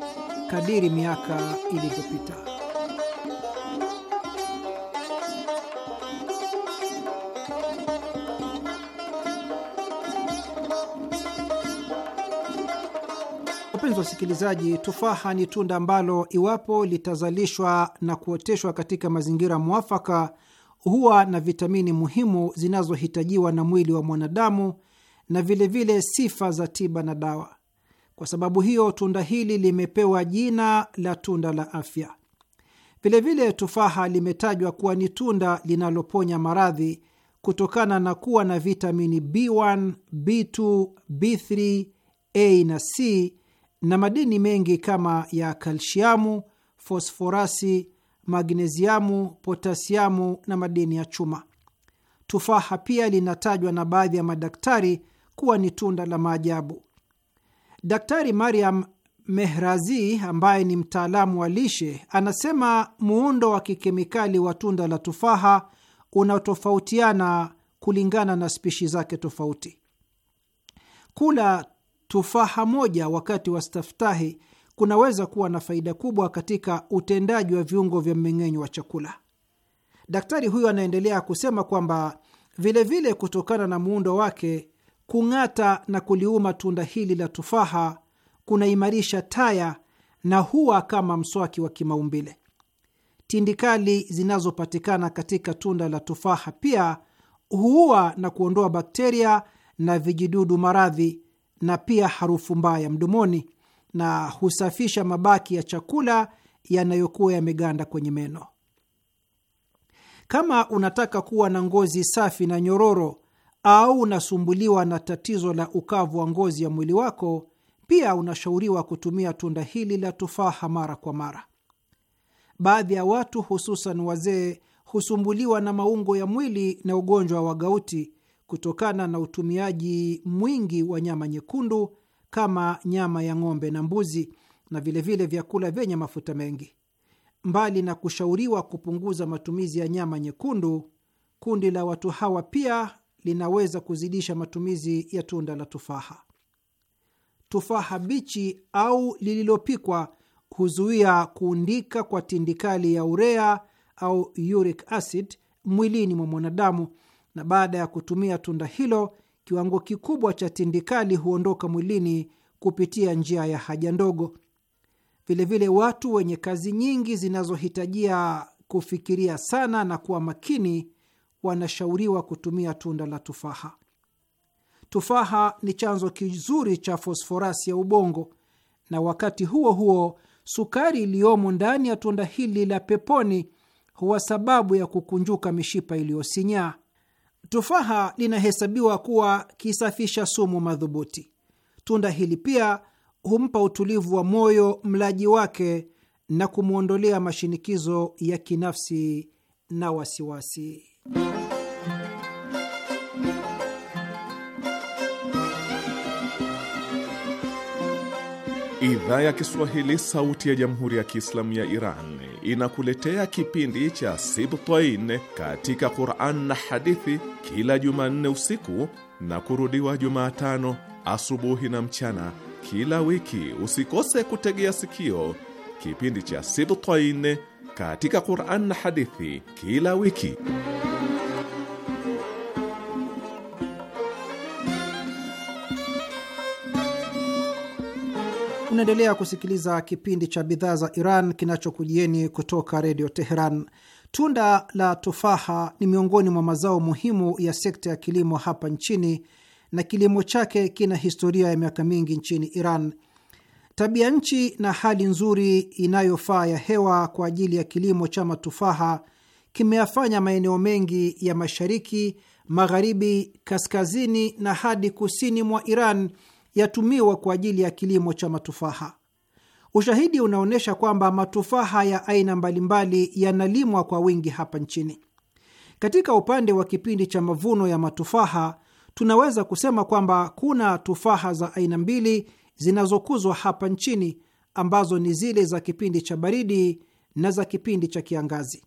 kadiri miaka ilivyopita. Wapenzi wasikilizaji, tufaha ni tunda ambalo iwapo litazalishwa na kuoteshwa katika mazingira mwafaka huwa na vitamini muhimu zinazohitajiwa na mwili wa mwanadamu na vilevile vile sifa za tiba na dawa. Kwa sababu hiyo, tunda hili limepewa jina la tunda la afya. Vilevile vile tufaha limetajwa kuwa ni tunda linaloponya maradhi kutokana na kuwa na vitamini B1, B2, B3, A na C na madini mengi kama ya kalsiamu, fosforasi magneziamu, potasiamu na madini ya chuma. Tufaha pia linatajwa na baadhi ya madaktari kuwa ni tunda la maajabu. Daktari Mariam Mehrazi ambaye ni mtaalamu wa lishe anasema muundo wa kikemikali wa tunda la tufaha unatofautiana kulingana na spishi zake tofauti. Kula tufaha moja wakati wa staftahi kunaweza kuwa na faida kubwa katika utendaji wa viungo vya mmeng'enyo wa chakula. Daktari huyo anaendelea kusema kwamba vilevile kutokana na muundo wake, kung'ata na kuliuma tunda hili la tufaha kunaimarisha taya na huwa kama mswaki wa kimaumbile. Tindikali zinazopatikana katika tunda la tufaha pia huua na kuondoa bakteria na vijidudu maradhi na pia harufu mbaya mdomoni na husafisha mabaki ya chakula yanayokuwa yameganda kwenye meno. Kama unataka kuwa na ngozi safi na nyororo au unasumbuliwa na tatizo la ukavu wa ngozi ya mwili wako, pia unashauriwa kutumia tunda hili la tufaha mara kwa mara. Baadhi ya watu hususan wazee husumbuliwa na maungo ya mwili na ugonjwa wa gauti kutokana na utumiaji mwingi wa nyama nyekundu kama nyama ya ng'ombe na mbuzi na vilevile vile vyakula vyenye mafuta mengi. Mbali na kushauriwa kupunguza matumizi ya nyama nyekundu, kundi la watu hawa pia linaweza kuzidisha matumizi ya tunda la tufaha. Tufaha bichi au lililopikwa huzuia kuundika kwa tindikali ya urea au uric acid mwilini mwa mwanadamu, na baada ya kutumia tunda hilo kiwango kikubwa cha tindikali huondoka mwilini kupitia njia ya haja ndogo. Vilevile, watu wenye kazi nyingi zinazohitajia kufikiria sana na kuwa makini wanashauriwa kutumia tunda la tufaha. Tufaha ni chanzo kizuri cha fosforasi ya ubongo, na wakati huo huo sukari iliyomo ndani ya tunda hili la peponi huwa sababu ya kukunjuka mishipa iliyosinyaa. Tufaha linahesabiwa kuwa kisafisha sumu madhubuti. Tunda hili pia humpa utulivu wa moyo mlaji wake na kumwondolea mashinikizo ya kinafsi na wasiwasi. Idhaa ya Kiswahili, Sauti ya Jamhuri ya Kiislamu ya Iran inakuletea kipindi cha Sibtain katika Quran na hadithi kila Jumanne usiku na kurudiwa Jumatano asubuhi na mchana kila wiki. Usikose kutegea sikio kipindi cha Sibtain katika Quran na hadithi kila wiki. Unaendelea kusikiliza kipindi cha bidhaa za Iran kinachokujieni kutoka redio Teheran. Tunda la tufaha ni miongoni mwa mazao muhimu ya sekta ya kilimo hapa nchini na kilimo chake kina historia ya miaka mingi nchini Iran. Tabia nchi na hali nzuri inayofaa ya hewa kwa ajili ya kilimo cha matufaha kimeyafanya maeneo mengi ya mashariki, magharibi, kaskazini na hadi kusini mwa Iran yatumiwa kwa ajili ya kilimo cha matufaha. Ushahidi unaonyesha kwamba matufaha ya aina mbalimbali yanalimwa kwa wingi hapa nchini. Katika upande wa kipindi cha mavuno ya matufaha, tunaweza kusema kwamba kuna tufaha za aina mbili zinazokuzwa hapa nchini ambazo ni zile za kipindi cha baridi na za kipindi cha kiangazi.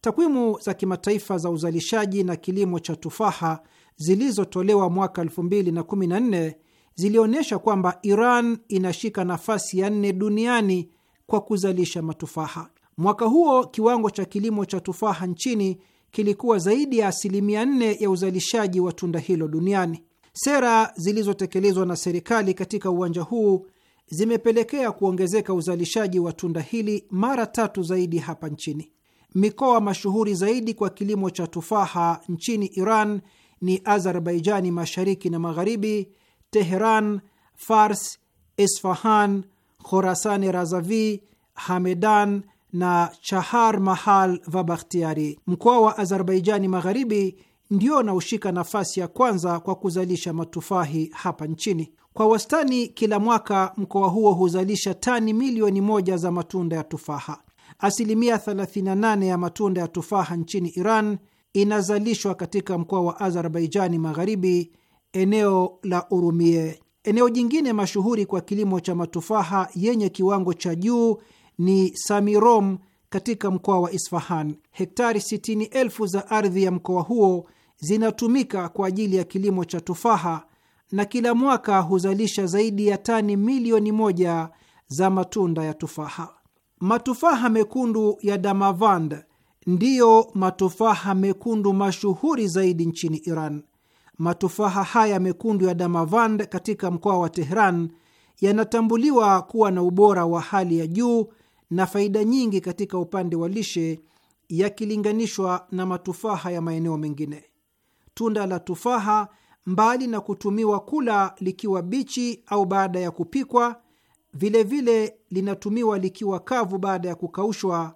Takwimu za kimataifa za uzalishaji na kilimo cha tufaha zilizotolewa mwaka 2014 zilionyesha kwamba Iran inashika nafasi ya nne duniani kwa kuzalisha matufaha. Mwaka huo kiwango cha kilimo cha tufaha nchini kilikuwa zaidi ya asilimia nne ya uzalishaji wa tunda hilo duniani. Sera zilizotekelezwa na serikali katika uwanja huu zimepelekea kuongezeka uzalishaji wa tunda hili mara tatu zaidi hapa nchini. Mikoa mashuhuri zaidi kwa kilimo cha tufaha nchini Iran ni Azerbaijani mashariki na magharibi, Tehran, Fars, Isfahan, Khorasani Razavi, Hamedan na Chahar Mahal va Bakhtiari. Mkoa wa Azerbaijani Magharibi ndio unaoshika nafasi ya kwanza kwa kuzalisha matufahi hapa nchini. Kwa wastani, kila mwaka mkoa huo huzalisha tani milioni moja za matunda ya tufaha. Asilimia 38 ya matunda ya tufaha nchini Iran inazalishwa katika mkoa wa Azerbaijani Magharibi eneo la Urumie. Eneo jingine mashuhuri kwa kilimo cha matufaha yenye kiwango cha juu ni Samirom katika mkoa wa Isfahan. Hektari sitini elfu za ardhi ya mkoa huo zinatumika kwa ajili ya kilimo cha tufaha na kila mwaka huzalisha zaidi ya tani milioni moja za matunda ya tufaha. Matufaha mekundu ya Damavand ndiyo matufaha mekundu mashuhuri zaidi nchini Iran matufaha haya mekundu ya Damavand katika mkoa wa Tehran yanatambuliwa kuwa na ubora wa hali ya juu na faida nyingi katika upande wa lishe yakilinganishwa na matufaha ya maeneo mengine. Tunda la tufaha, mbali na kutumiwa kula likiwa bichi au baada ya kupikwa, vilevile vile linatumiwa likiwa kavu baada ya kukaushwa,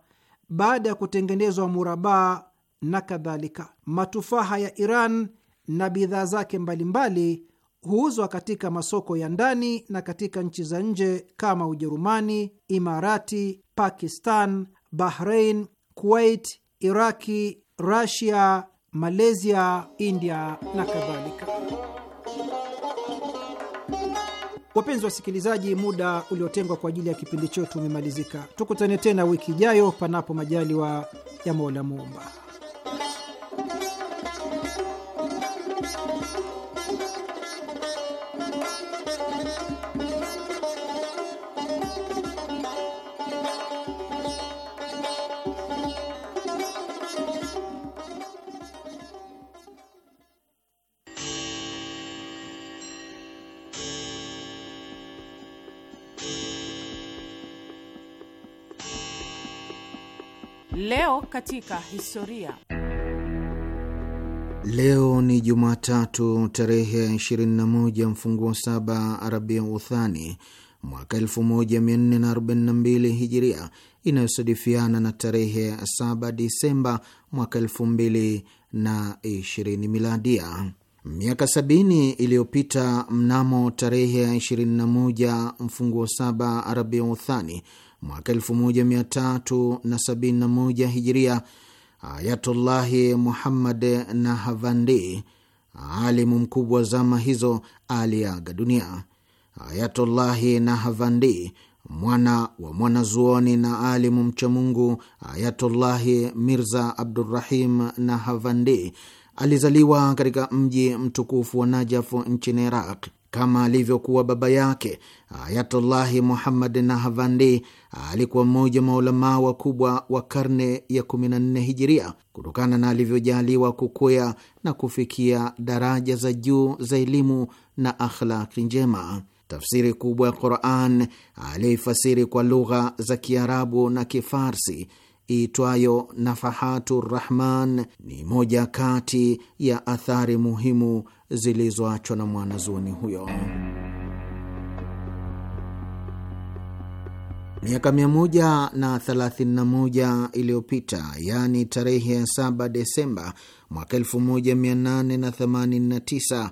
baada ya kutengenezwa murabaa na kadhalika. Matufaha ya Iran na bidhaa zake mbalimbali huuzwa katika masoko ya ndani na katika nchi za nje kama Ujerumani, Imarati, Pakistan, Bahrain, Kuwait, Iraki, Rusia, Malaysia, India na kadhalika. Wapenzi wasikilizaji, muda uliotengwa kwa ajili ya kipindi chetu umemalizika. Tukutane tena wiki ijayo, panapo majaliwa ya Mola Muumba. Leo katika historia. Leo ni Jumatatu tarehe 21 mfunguo saba Arabia Uthani mwaka 1442 Hijiria, inayosadifiana na tarehe 7 Disemba mwaka 2020 Miladia. Miaka sabini iliyopita mnamo tarehe 21 mfunguo saba Arabia Uthani mwaka 1371 Hijiria, Ayatullahi Muhammad Nahavandi, alimu mkubwa zama hizo, aliaga dunia. Ayatullahi Nahavandi, mwana wa mwanazuoni na alimu mchamungu Ayatullahi Mirza Abdurrahim Nahavandi alizaliwa katika mji mtukufu wa Najafu nchini Iraq kama alivyokuwa baba yake Ayatullahi Muhammad Nahavandi alikuwa mmoja maulamaa wakubwa wa karne ya 14 Hijiria, kutokana na alivyojaliwa kukwea na kufikia daraja za juu za elimu na akhlaki njema. Tafsiri kubwa ya Quran aliyoifasiri kwa lugha za Kiarabu na Kifarsi itwayo Nafahatu Rahman ni moja kati ya athari muhimu zilizoachwa na mwanazuoni huyo. Miaka 131 iliyopita, yaani tarehe ya 7 Desemba mwaka 1889,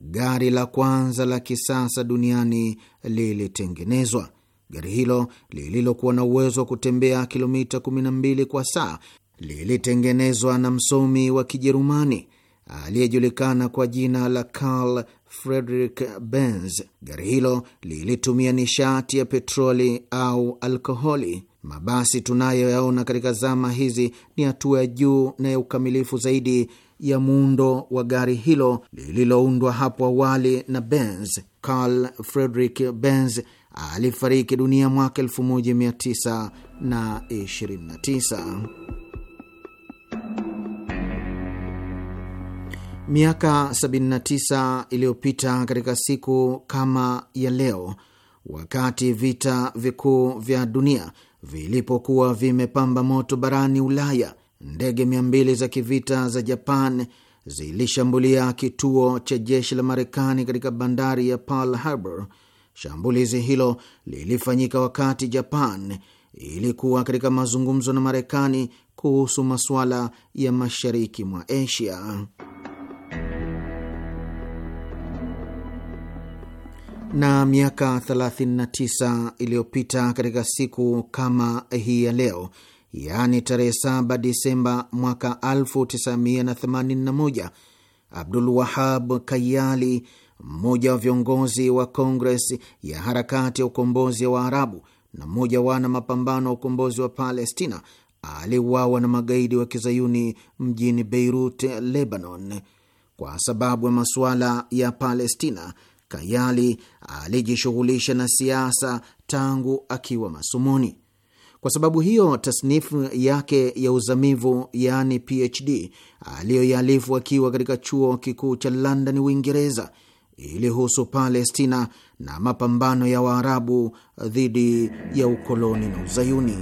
gari la kwanza la kisasa duniani lilitengenezwa. Gari hilo lililokuwa na uwezo wa kutembea kilomita 12 kwa saa lilitengenezwa na msomi wa Kijerumani aliyejulikana kwa jina la Carl Frederick Benz. Gari hilo lilitumia nishati ya petroli au alkoholi. Mabasi tunayoyaona katika zama hizi ni hatua ya juu na ya ukamilifu zaidi ya muundo wa gari hilo lililoundwa hapo awali na Benz. Carl Frederick Benz alifariki dunia mwaka 1929. Miaka 79 iliyopita katika siku kama ya leo, wakati vita vikuu vya dunia vilipokuwa vimepamba moto barani Ulaya, ndege 200 za kivita za Japan zilishambulia kituo cha jeshi la Marekani katika bandari ya Pearl Harbor. Shambulizi hilo lilifanyika wakati Japan ilikuwa katika mazungumzo na Marekani kuhusu masuala ya mashariki mwa Asia na miaka 39 iliyopita katika siku kama hii ya leo, yaani tarehe 7 Disemba mwaka 1981, Abdul Wahab Kayali, mmoja wa viongozi wa Kongres ya harakati ya ukombozi wa Arabu na mmoja wana mapambano ya ukombozi wa Palestina, aliuawa na magaidi wa kizayuni mjini Beirut, Lebanon kwa sababu ya masuala ya Palestina, Kayali alijishughulisha na siasa tangu akiwa masomoni. Kwa sababu hiyo, tasnifu yake ya uzamivu yaani PhD aliyoyalifu akiwa katika chuo kikuu cha London, Uingereza, ilihusu Palestina na mapambano ya Waarabu dhidi ya ukoloni na Uzayuni.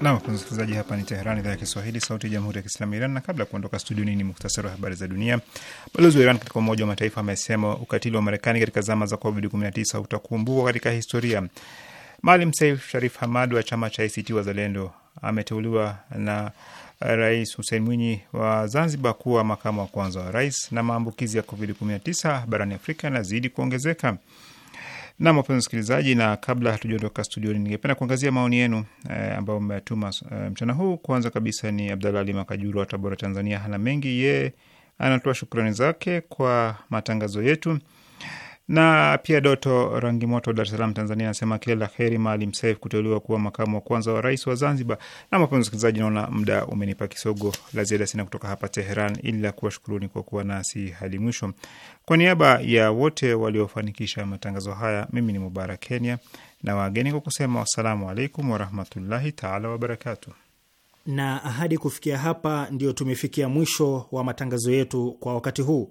Nam msikilizaji, hapa ni Teheran, idhaa ya Kiswahili, sauti ya jamhuri ya kiislamu Iran. Na kabla ya kuondoka studioni, ni muktasari wa habari za dunia. Balozi wa Iran katika Umoja wa Mataifa amesema ukatili wa Marekani katika zama za COVID-19 utakumbukwa katika historia. Maalim Saif Sharif Hamad wa chama cha ACT Wazalendo ameteuliwa na Rais Hussein Mwinyi wa Zanzibar kuwa makamu wa kwanza wa rais. Na maambukizi ya COVID-19 barani Afrika yanazidi kuongezeka. Nam, wapenzi msikilizaji, na kabla hatujaondoka studioni, ningependa kuangazia maoni yenu e, ambayo mmetuma e, mchana huu. Kwanza kabisa ni ali Makajuru wa Tabora, Tanzania. Hana mengi, yeye anatoa shukrani zake kwa matangazo yetu na pia Doto Rangimoto, Dar es Salaam, Tanzania, anasema kila la heri Maalim Saif kuteuliwa kuwa makamu wa kwanza wa rais wa Zanzibar. Na mapenzi msikilizaji, naona muda umenipa kisogo, la ziada sina kutoka hapa Teheran ila kuwashukuruni kwa kuwa nasi hadi mwisho. Kwa niaba ya wote waliofanikisha matangazo haya, mimi ni Mubarak Kenya na wageni kwa kusema wassalamu alaikum warahmatullahi taala wabarakatu. Na ahadi kufikia hapa, ndio tumefikia mwisho wa matangazo yetu kwa wakati huu